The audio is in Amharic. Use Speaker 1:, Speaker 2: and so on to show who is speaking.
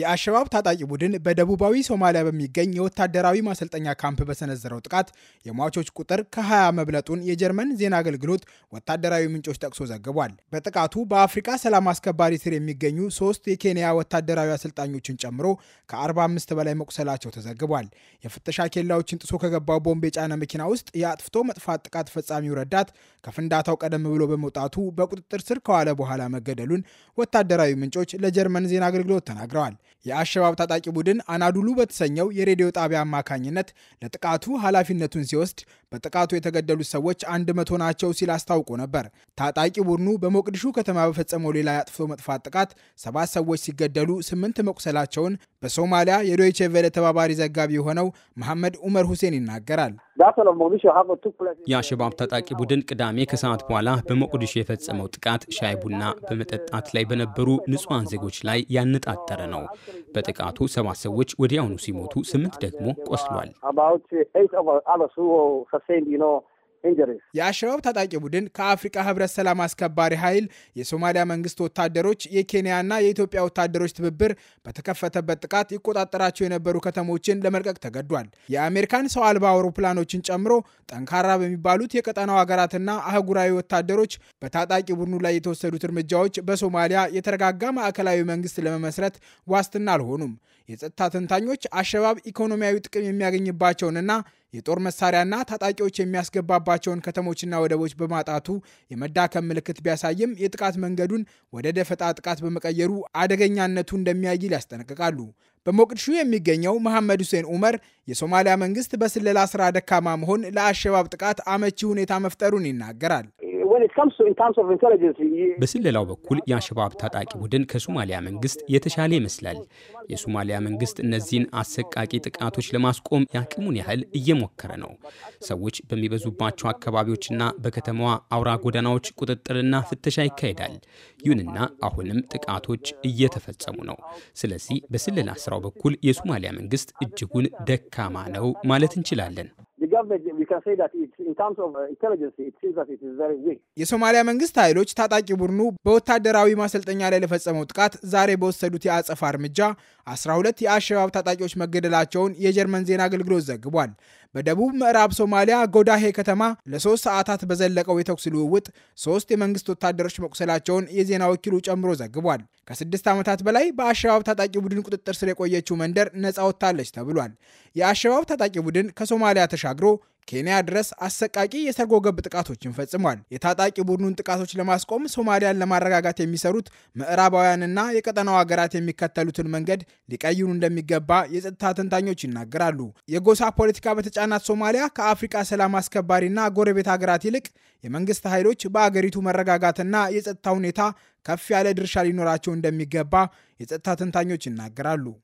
Speaker 1: የአሸባብ ታጣቂ ቡድን በደቡባዊ ሶማሊያ በሚገኝ የወታደራዊ ማሰልጠኛ ካምፕ በሰነዘረው ጥቃት የሟቾች ቁጥር ከ20 መብለጡን የጀርመን ዜና አገልግሎት ወታደራዊ ምንጮች ጠቅሶ ዘግቧል። በጥቃቱ በአፍሪካ ሰላም አስከባሪ ስር የሚገኙ ሶስት የኬንያ ወታደራዊ አሰልጣኞችን ጨምሮ ከ45 በላይ መቁሰላቸው ተዘግቧል። የፍተሻ ኬላዎችን ጥሶ ከገባው ቦምብ የጫነ መኪና ውስጥ የአጥፍቶ መጥፋት ጥቃት ፈጻሚው ረዳት ከፍንዳታው ቀደም ብሎ በመውጣቱ በቁጥጥር ስር ከዋለ በኋላ መገደሉን ወታደራዊ ምንጮች ለጀርመን ዜና አገልግሎት ተናግረዋል። የአሸባብ ታጣቂ ቡድን አናዱሉ በተሰኘው የሬዲዮ ጣቢያ አማካኝነት ለጥቃቱ ኃላፊነቱን ሲወስድ በጥቃቱ የተገደሉት ሰዎች አንድ መቶ ናቸው ሲል አስታውቆ ነበር። ታጣቂ ቡድኑ በሞቅዲሹ ከተማ በፈጸመው ሌላ የአጥፍቶ መጥፋት ጥቃት ሰባት ሰዎች ሲገደሉ ስምንት መቁሰላቸውን በሶማሊያ የዶይቼ ቬለ ተባባሪ ዘጋቢ የሆነው መሐመድ ኡመር ሁሴን ይናገራል።
Speaker 2: የአሸባብ ታጣቂ ቡድን ቅዳሜ ከሰዓት በኋላ በሞቃዲሾ የፈጸመው ጥቃት ሻይ ቡና በመጠጣት ላይ በነበሩ ንጹሐን ዜጎች ላይ ያነጣጠረ ነው። በጥቃቱ ሰባት ሰዎች ወዲያውኑ ሲሞቱ፣ ስምንት ደግሞ ቆስሏል።
Speaker 1: የአሸባብ ታጣቂ ቡድን ከአፍሪካ ህብረት ሰላም አስከባሪ ኃይል የሶማሊያ መንግስት ወታደሮች የኬንያና የኢትዮጵያ ወታደሮች ትብብር በተከፈተበት ጥቃት ይቆጣጠራቸው የነበሩ ከተሞችን ለመልቀቅ ተገዷል። የአሜሪካን ሰው አልባ አውሮፕላኖችን ጨምሮ ጠንካራ በሚባሉት የቀጠናው ሀገራትና አህጉራዊ ወታደሮች በታጣቂ ቡድኑ ላይ የተወሰዱት እርምጃዎች በሶማሊያ የተረጋጋ ማዕከላዊ መንግስት ለመመስረት ዋስትና አልሆኑም። የጸጥታ ተንታኞች አሸባብ ኢኮኖሚያዊ ጥቅም የሚያገኝባቸውንና የጦር መሳሪያና ታጣቂዎች የሚያስገባባቸውን ከተሞችና ወደቦች በማጣቱ የመዳከም ምልክት ቢያሳይም የጥቃት መንገዱን ወደ ደፈጣ ጥቃት በመቀየሩ አደገኛነቱ እንደሚያይል ያስጠነቅቃሉ። በሞቅድሹ የሚገኘው መሐመድ ሁሴን ኡመር የሶማሊያ መንግስት በስለላ ስራ ደካማ መሆን ለአሸባብ ጥቃት አመቺ ሁኔታ መፍጠሩን ይናገራል።
Speaker 2: በስለላው በኩል የአሸባብ ታጣቂ ቡድን ከሶማሊያ መንግስት የተሻለ ይመስላል። የሶማሊያ መንግስት እነዚህን አሰቃቂ ጥቃቶች ለማስቆም የአቅሙን ያህል እየሞከረ ነው። ሰዎች በሚበዙባቸው አካባቢዎችና በከተማዋ አውራ ጎዳናዎች ቁጥጥርና ፍተሻ ይካሄዳል። ይሁንና አሁንም ጥቃቶች እየተፈጸሙ ነው። ስለዚህ በስለላ ስራው በኩል የሶማሊያ መንግስት እጅጉን ደካማ ነው ማለት እንችላለን። Uh, የሶማሊያ መንግስት
Speaker 1: ኃይሎች ታጣቂ ቡድኑ በወታደራዊ ማሰልጠኛ ላይ ለፈጸመው ጥቃት ዛሬ በወሰዱት የአጸፋ እርምጃ 12 የአሸባብ ታጣቂዎች መገደላቸውን የጀርመን ዜና አገልግሎት ዘግቧል። በደቡብ ምዕራብ ሶማሊያ ጎዳሄ ከተማ ለሶስት ሰዓታት በዘለቀው የተኩስ ልውውጥ ሶስት የመንግስት ወታደሮች መቁሰላቸውን የዜና ወኪሉ ጨምሮ ዘግቧል። ከስድስት ዓመታት በላይ በአሸባብ ታጣቂ ቡድን ቁጥጥር ስር የቆየችው መንደር ነፃ ወጥታለች ተብሏል። የአሸባብ ታጣቂ ቡድን ከሶማሊያ ተሻግሮ ኬንያ ድረስ አሰቃቂ የሰርጎ ገብ ጥቃቶችን ፈጽሟል። የታጣቂ ቡድኑን ጥቃቶች ለማስቆም ሶማሊያን ለማረጋጋት የሚሰሩት ምዕራባውያንና የቀጠናው ሀገራት የሚከተሉትን መንገድ ሊቀይሩ እንደሚገባ የጸጥታ ተንታኞች ይናገራሉ። የጎሳ ፖለቲካ በተጫናት ሶማሊያ ከአፍሪካ ሰላም አስከባሪና ጎረቤት ሀገራት ይልቅ የመንግስት ኃይሎች በአገሪቱ መረጋጋትና የጸጥታ ሁኔታ ከፍ ያለ ድርሻ ሊኖራቸው እንደሚገባ የጸጥታ ተንታኞች ይናገራሉ።